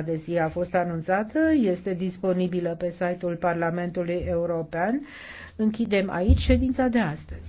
de zi a fost anunțată, este disponibilă pe site-ul Parlamentului European. Închidem aici ședința de astăzi.